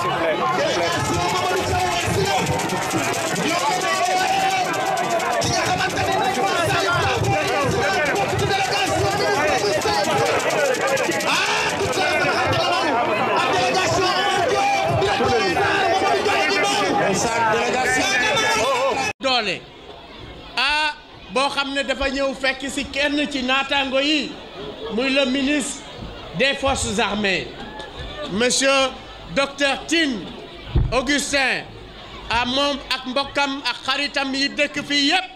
s'il vous plaît, doole ah boo xam ne dafa ñëw fekk ci kenn ci naataango yi muy le ministre des forces armées monsieur docteur tin Augustin a moom ak mbokkam ak xaritam yi dëkk fii yëpp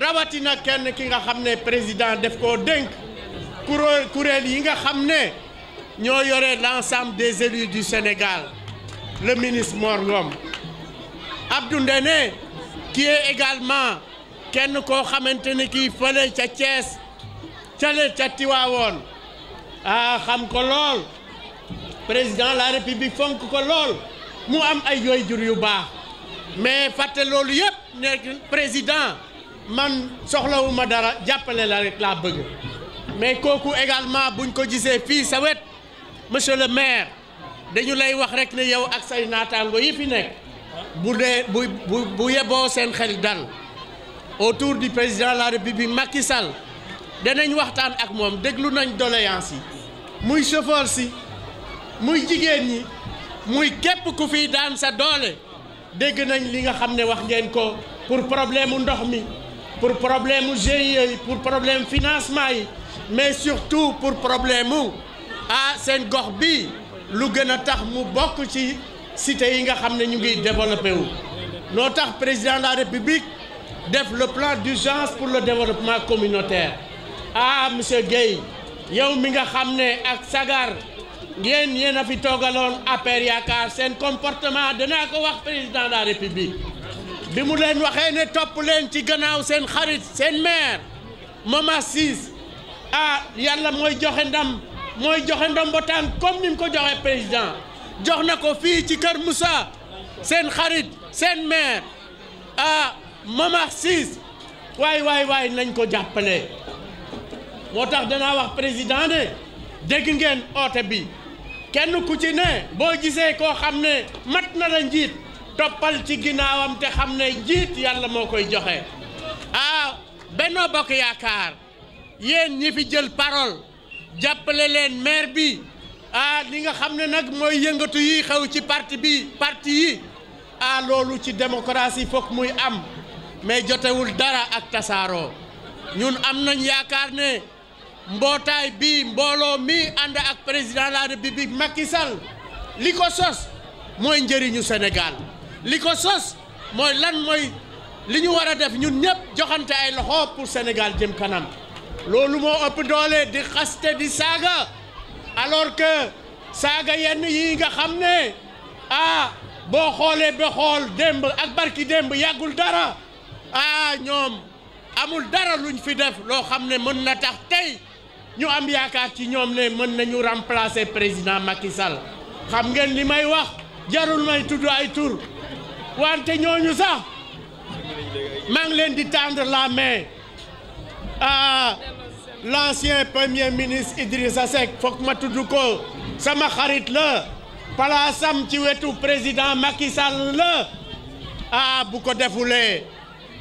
rawatina kenn ki nga xam ne président def koo dénk kuréel kuréel yi nga xam ne ñoo yore l'ensemble des élus du Sénégal le ministre Mor Ngom Abdou Ndene qui est également kenn koo xamante ne kii fële ca Thiès cale ca Tiwaawoon ah xam ko lool président la bi fonk ko lool mu am ay yooy jur yu baax mais fàtte loolu yëpp nekk président man soxlawuma dara jàppale la rek laa bëgg mais kooku également buñ ko gisee fii sa wet monsieur le maire dañu lay wax rek ne yow ak say naataango yi fi nekk bu dee bu bu bu yeboo seen xel dal autour du président de la république Macky Sall danañ waxtaan ak moom déglu nañ doléance yi muy chauffeur si muy jigéen ñi muy képp ku fiy daan sa doole dégg nañ li nga xam ne wax ngeen ko pour problème mu ndox mi pour problème mu GIE yi pour problème financement yi mais surtout pour problème mu ah seen gox bi lu gën a tax mu bokk ci cité yi nga xam ne ñu ngi développé wu. noo tax président de la république def le plan d'urgence pour le développement communautaire ah monsieur Guèye yow mi nga xam ne ak sagar. ngeen yéen a fi toogaloon APR yaakaar seen comportement danaa ko wax président de la république bi mu leen waxee ne topp leen ci gannaaw seen xarit seen maire Mamadou Ciss ah yàlla mooy joxe ndam mooy joxe ndam ba tànk comme ni ko joxe président jox na ko fii ci Kër Moussa seen xarit seen maire ah Mamadou Ciss waay waay waay nañ ko jàppale moo tax danaa wax président de dégg ngeen oote bi kenn ku ci ne boo gisee koo xam ne mat na la njiit toppal ci ginnaawam te xam ne njiit yàlla moo koy joxe ah Benno Bokk Yaakaar yéen ñi fi jël parole jàppale leen maire bi ah li nga xam ne nag mooy yëngatu yi xew ci parti bi parti yi ah loolu ci démocratie foog muy am mais jotewul dara ak kasaaroo ñun am nañ yaakaar ne mbootaay bii mbooloo mi ànd ak président de la république Macky li ko sos mooy njëriñu Sénégal li ko sos mooy lan mooy li ñu war a def ñun ñëpp joxante ay loxo pour Sénégal jëm kanam loolu moo ëpp doole di xaste di saaga alors que saaga yenn yi nga xam ne ah boo xoolee ba xool démb ak barki démb yàggul dara ah ñoom amul dara luñ fi def loo xam ne mën na tax tey ñu am yaakaar ci ñoom ne mën nañu remplacer président Macky Sall xam ngeen li may wax jarul may tudd ay tur wante ñooñu sax maa ngi leen di tendre la main à l'ancien premier ministre Idrissa Seck foog ma tudd ko sama xarit la palaasam ci wetu président Macky Sall la ah bu ko defule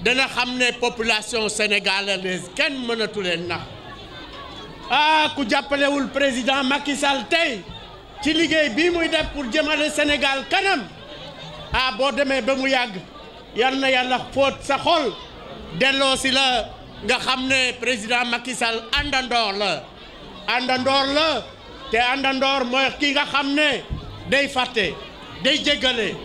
dana xam ne population sénégalaise kenn mënatu leen na ah ku jàppalewul président Macky Sall tey ci liggéey bii muy def pour jëmale Sénégal kanam ah boo demee ba mu yàgg yal na yàlla foot sa xol delloo si la nga xam ne président Macky Sall àndandoor la àndandoor la te àndandoor mooy ki nga xam ne day fàtte day jéggale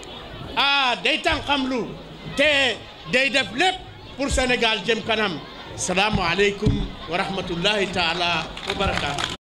ah day tànqamlu te day def lépp pour Sénégal jëm kanam salaamu aleykum wa rahmatullahi taala wa barakaatu